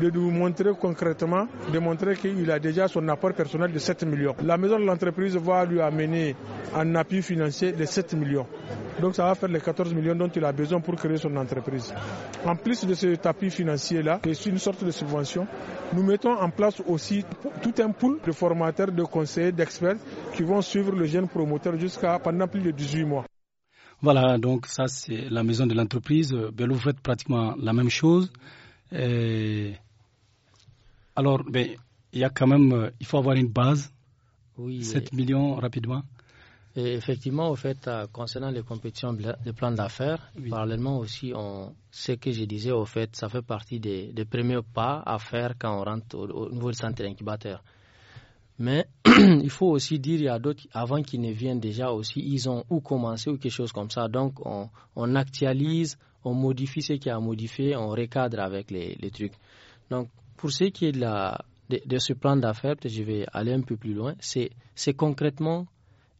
de nous montrer concrètement, de montrer qu'il a déjà son apport personnel de 7 millions. La maison de l'entreprise va lui amener un appui financier de 7 millions. Donc ça va faire les 14 millions dont il a besoin pour créer son entreprise. En plus de cet appui financier-là, qui est une sorte de subvention, nous mettons en place aussi tout un pool de formateurs, de conseillers, d'experts qui vont suivre le jeune promoteur jusqu'à pendant plus de 18 mois. Voilà, donc ça c'est la maison de l'entreprise. Belou, vous faites pratiquement la même chose. Euh, alors, ben, il y a quand même, euh, il faut avoir une base. Oui. 7 millions rapidement. Et effectivement, au fait, euh, concernant les compétitions de plans d'affaires, parallèlement aussi, ce que je disais, au fait, ça fait partie des, premiers pas à faire quand on rentre au, nouveau centre incubateur. Mais il faut aussi dire, il y a d'autres, avant qu'ils ne viennent déjà aussi, ils ont ou commencé ou quelque chose comme ça. Donc, on actualise on modifie ce qui a modifié, on recadre avec les, trucs. Donc, pour ce qui est de, ce plan d'affaires, je vais aller un peu plus loin, c'est concrètement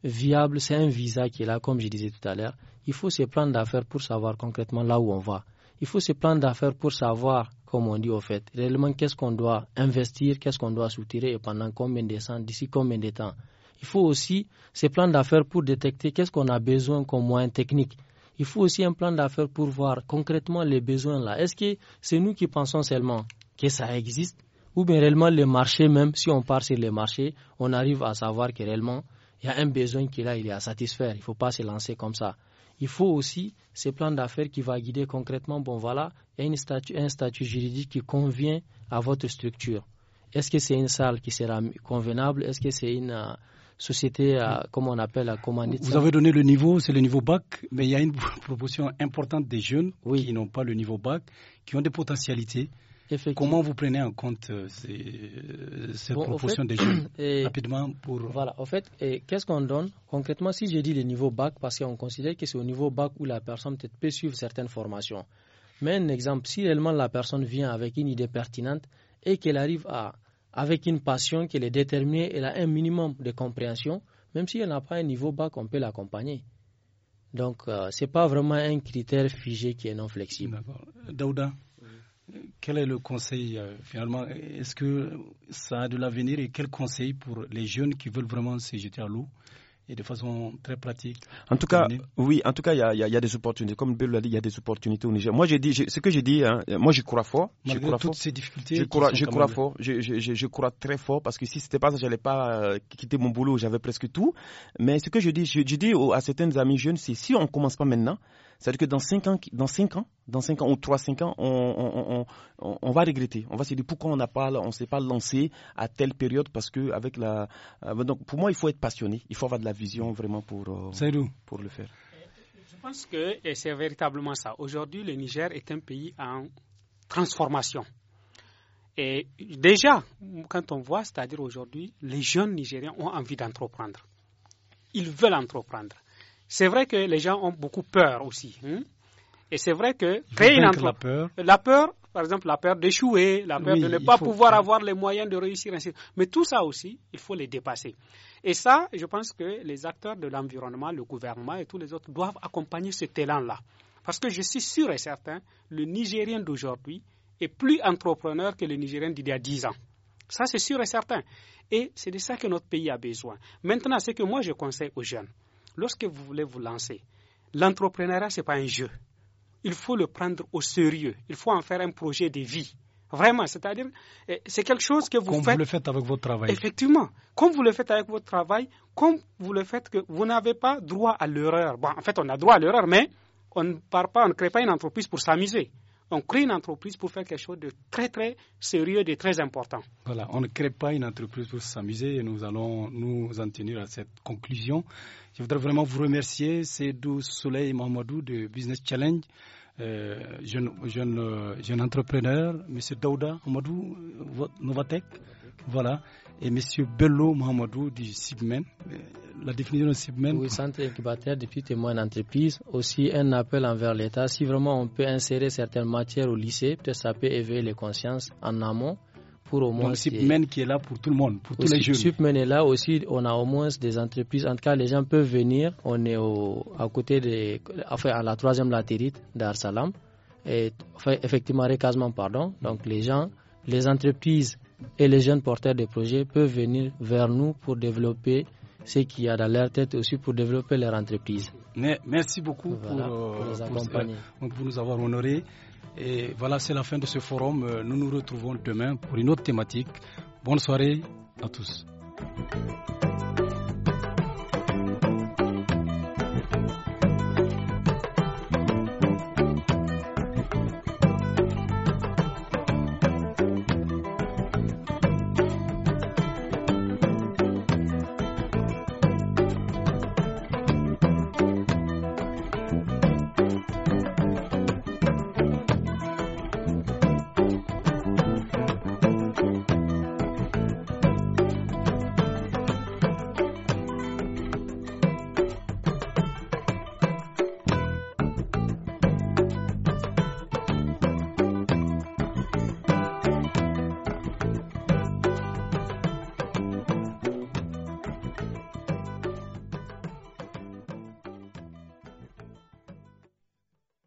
viable, c'est un visa qui est là, comme je disais tout à l'heure. Il faut ce plan d'affaires pour savoir concrètement là où on va. Il faut ce plan d'affaires pour savoir, comme on dit au fait, réellement qu'est-ce qu'on doit investir, qu'est-ce qu'on doit soutirer et pendant combien de temps, d'ici combien de temps. Il faut aussi ce plan d'affaires pour détecter qu'est-ce qu'on a besoin comme moyen technique il faut aussi un plan d'affaires pour voir concrètement les besoins là. Est-ce que c'est nous qui pensons seulement que ça existe ou bien réellement le marché même, si on part sur le marché, on arrive à savoir que réellement il y a un besoin qui là, il est à satisfaire. Il ne faut pas se lancer comme ça. Il faut aussi ce plan d'affaires qui va guider concrètement, bon voilà, un statut juridique qui convient à votre structure. Est-ce que c'est une salle qui sera convenable Est-ce que c'est une, euh, société, euh, comme on appelle, à euh, commander. Vous avez donné le niveau, c'est le niveau bac, mais il y a une proportion importante des jeunes oui. qui n'ont pas le niveau bac, qui ont des potentialités. Comment vous prenez en compte euh, cette proportion des jeunes rapidement pour... Voilà, en fait, qu'est-ce qu'on donne concrètement si je dis le niveau bac, parce qu'on considère que c'est au niveau bac où la personne peut suivre certaines formations. Mais un exemple, si réellement la personne vient avec une idée pertinente et qu'elle arrive à avec une passion qui est déterminée, elle a un minimum de compréhension, même si elle n'a pas un niveau bas qu'on peut l'accompagner. Donc, euh, ce n'est pas vraiment un critère figé qui est non flexible. D'accord. Daouda, quel est le conseil euh, finalement Est-ce que ça a de l'avenir et quel conseil pour les jeunes qui veulent vraiment se jeter à l'eau et de façon très pratique. En tout cas, oui, en tout cas, il y, y a, des opportunités. Comme Bill l'a dit, il y a des opportunités au Niger. Moi, j'ai dit, ce que j'ai dit, hein, moi, je crois fort. Malgré je crois toutes fort. ces difficultés. Je crois, fort. Je, je, je, crois très fort parce que si c'était pas ça, j'allais pas euh, quitter mon boulot. J'avais presque tout. Mais ce que je dis, je, dis aux, à certains amis jeunes, c'est si on commence pas maintenant, c'est-à-dire que dans 5 ans, dans 5 ans, dans ans ou 3-5 ans, on, va regretter. On va se dire pourquoi on n'a pas, on s'est pas lancé à telle période parce que avec la, euh, donc pour moi il faut être passionné, il faut avoir de la vision vraiment pour, euh, pour le faire. Je pense que c'est véritablement ça. Aujourd'hui, le Niger est un pays en transformation. Et déjà, quand on voit, c'est-à-dire aujourd'hui, les jeunes Nigériens ont envie d'entreprendre. Ils veulent entreprendre. C'est vrai que les gens ont beaucoup peur aussi. Hein. Et c'est vrai que créer une entreprise. La peur. par exemple, la peur d'échouer, la peur de ne pas pouvoir avoir les moyens de réussir. Ainsi. Mais tout ça aussi, il faut les dépasser. Et ça, je pense que les acteurs de l'environnement, le gouvernement et tous les autres doivent accompagner cet élan-là. Parce que je suis sûr et certain, le Nigérien d'aujourd'hui est plus entrepreneur que le Nigérien d'il y a 10 ans. Ça, c'est sûr et certain. Et c'est de ça que notre pays a besoin. Maintenant, ce que moi, je conseille aux jeunes, lorsque vous voulez vous lancer, l'entrepreneuriat, ce n'est pas un jeu. Il faut le prendre au sérieux. Il faut en faire un projet de vie. Vraiment, c'est-à-dire, eh, c'est quelque chose que vous faites. Comme vous le faites avec votre travail. Effectivement. Comme vous le faites avec votre travail, comme vous le faites que vous n'avez pas droit à l'erreur. Bon, en fait, on a droit à l'erreur, mais on ne part pas, on ne crée pas une entreprise pour s'amuser on crée une entreprise pour faire quelque chose de très, très sérieux, de très important. Voilà, on ne crée pas une entreprise pour s'amuser et nous allons nous en tenir à cette conclusion. Je voudrais vraiment vous remercier, c'est Dou Soleil Mamadou de Business Challenge. Euh, euh, jeune, entrepreneur, M. Daouda Mamadou euh, Novatech. voilà, et M. Bello Mohamadou du SIBMEN. Euh, la définition de SIBMEN. Oui, centre incubateur depuis témoin d'entreprise. Aussi, un appel envers l'État. Si vraiment on peut insérer certaines matières au lycée, peut-être ça peut éveiller les consciences en amont. Pour au moins Donc, SIBMEN qui est là pour tout le monde, pour tous les jeunes. SIBMEN est là aussi, on a au moins des entreprises. En tout cas, les gens peuvent venir. On est au, à côté de. Enfin, à la troisième latérite d'Arsalam. Et, effectivement, pardon. Donc, les gens, les entreprises et les jeunes porteurs de projets peuvent venir vers nous pour développer ce qu'il y a dans leur tête aussi pour développer leur entreprise. Merci beaucoup pour, nous pour euh, nous avoir honorés. Et voilà, c'est la fin de ce forum. Euh, nous nous retrouvons demain pour une autre thématique. Bonne soirée à tous.